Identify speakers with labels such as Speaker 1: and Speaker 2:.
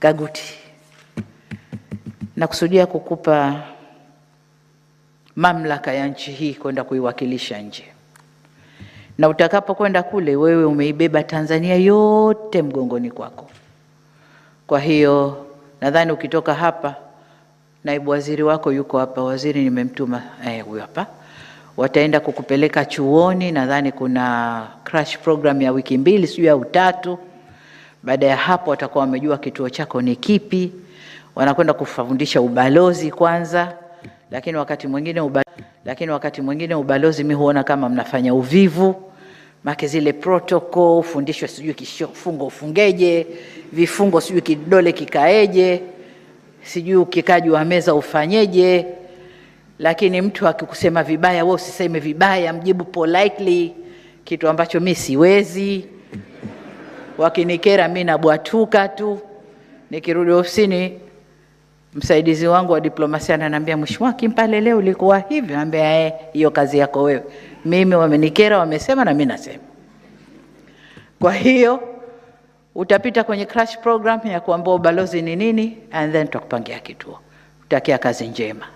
Speaker 1: Kaguti, nakusudia kukupa mamlaka ya nchi hii kwenda kuiwakilisha nje, na utakapokwenda kule, wewe umeibeba Tanzania yote mgongoni kwako. Kwa hiyo nadhani ukitoka hapa, naibu waziri wako yuko hapa, waziri nimemtuma eh, huyu hapa wataenda kukupeleka chuoni. Nadhani kuna crash program ya wiki mbili sijui au tatu. Baada ya hapo, watakuwa wamejua kituo chako ni kipi, wanakwenda kufundisha ubalozi kwanza, lakini wakati mwingine ubalozi, lakini wakati mwingine ubalozi mi huona kama mnafanya uvivu make zile protocol ufundishwe, sijui kifungo ufungeje, vifungo sijui kidole kikaeje, sijui ukikaji wa meza ufanyeje. Lakini mtu akikusema vibaya, we usiseme vibaya, mjibu politely, kitu ambacho mi siwezi wakinikera mi nabwatuka tu. Nikirudi ofisini msaidizi wangu wa diplomasia ananiambia, mheshimiwa Kimpale, leo ulikuwa hivyo Naambia eh, hiyo kazi yako wewe. Mimi wamenikera, wamesema na mimi nasema. Kwa hiyo utapita kwenye crash program ya kuambia ubalozi ni nini, and then tutakupangia kituo. Utakia kazi njema.